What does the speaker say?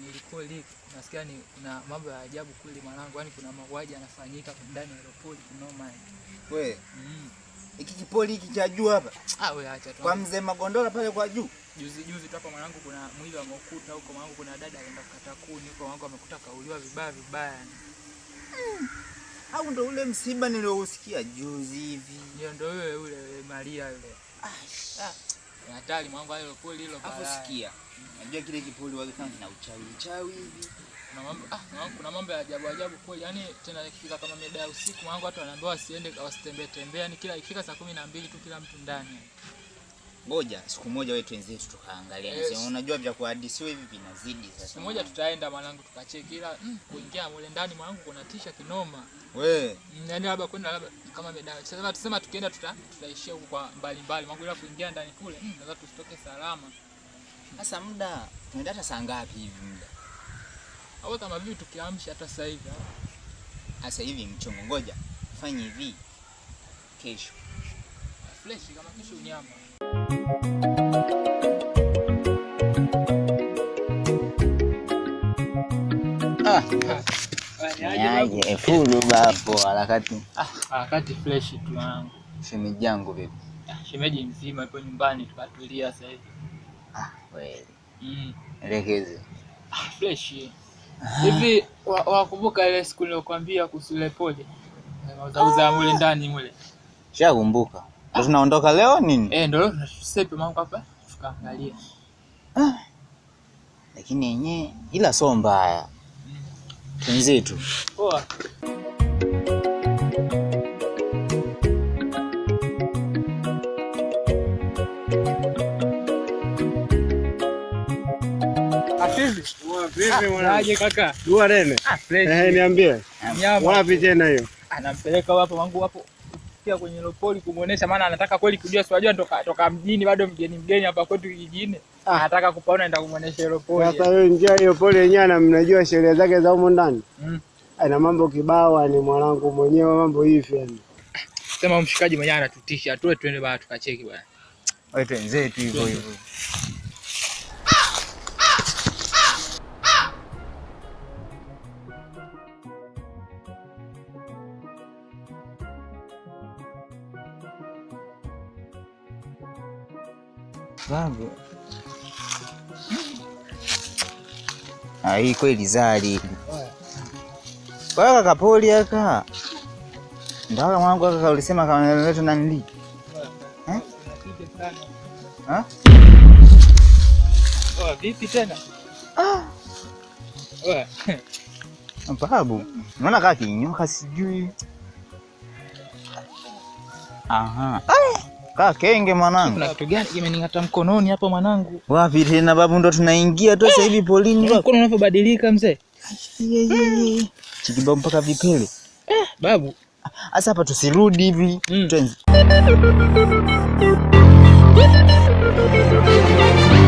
nilikuwa leak, nasikia ni na mambo ya ajabu kule mwanangu, yani kuna mauaji yanafanyika ndani ya Leopold kinoma. Wewe mm. Iki kipoli hiki cha juu hapa. Ah, we acha tu. Kwa mzee Magondola pale kwa juu. Juzi juzi tu hapa mwanangu, kuna mwili wa mkuta huko mwanangu, kuna dada alienda kukata kuni huko mwanangu, amekuta kauliwa vibaya vibaya Mm. Au ndo ule msiba niliousikia juzi hivi. Ndio ndo yule yule Maria yule. Ah, hatari mwanangu, hilo poli hilo baya. Afusikia. Najua kile kipuli wake kama kina uchawi uchawi hivi. Kuna mambo ah, kuna mambo ya ajabu ajabu kweli. Yaani tena ikifika kama mida ya usiku wangu watu wanaambiwa wasiende wasitembee tembea, yani kila ikifika saa 12 tu kila mtu ndani. Ngoja siku moja wewe wenzetu tukaangalia. Eh, yes. Unajua vya kuhadisiwa hivi vinazidi sasa. Siku moja tutaenda mwanangu tukacheki, ila mm, kuingia mule ndani mwanangu kuna tisha kinoma. Wewe. Mm, yani labda kwenda labda kama mida. Sasa tuseme tukienda tuta tutaishia huko kwa mbali mbali. Mwanangu ila kuingia ndani kule, mm, naweza tusitoke salama. Sasa muda mwenda hata saa ngapi hivi muda? Au kama vipi tukiamsha hata sasa hivi. Sasa hivi mchongo, ngoja fanye hivi. Kesho. Flash kama kesho unyama. Ah. fulu bapo harakati. Ah, harakati fresh tu wangu. Shemeji yangu vipi? Ah, shemeji mzima ipo nyumbani tukatulia sasa hivi. Ah, mm. ah, hivi. Wakumbuka ile siku nilikwambia kuhusu ile pole ah. mule ndani mule? Shakumbuka. Ndio tunaondoka leo nini? Eh, ndio hapa tukaangalia. Lakini yenyewe ila so mbaya. Mm. Wenzetu. Poa. Ah, ah, eh, niambie wapi tena hiyo? Anampeleka wangu kwenye lopoli kumuonesha, maana anataka kweli kujua, si toka, toka mjini bado mgeni mgeni hapa kwetu kijijini, ah. anataka kupaona, enda kumuonesha lopoli. Sasa njia hiyo pole yenyewe, na mnajua sheria zake za humo ndani mm. Ana mambo kibao, ni mwanangu mwenyewe, mambo hivi yani. Sema mshikaji mwenyewe anatutisha, tuwe tuende baa tukacheki bwana, wewe wenzetu hivyo hivyo. Ah, hii kweli zari. kwa kaka poli aka ndaka mwangu aka ulisema kama letu nanili eh? Ha? Oh, vipi tena? Ah. Oh. Babu, naona kaka kinyoka sijui. Aha. Ay. Kaa kenge mwanangu. Kuna kitu gani kimening'ata mkononi hapo mwanangu? Wapi tena babu, ndo tunaingia tu sasa hivi polini. Yaani mkono unavyobadilika mzee. Hmm. Chikibabu mpaka vipele. Eh, babu. Asa hapa tusirudi hivi. Hmm. Twende.